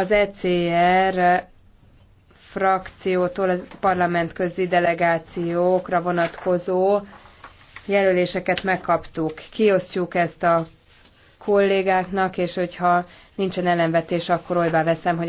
az ECR frakciótól a parlament közi delegációkra vonatkozó jelöléseket megkaptuk. Kiosztjuk ezt a kollégáknak, és hogyha nincsen ellenvetés, akkor olyan veszem, hogy az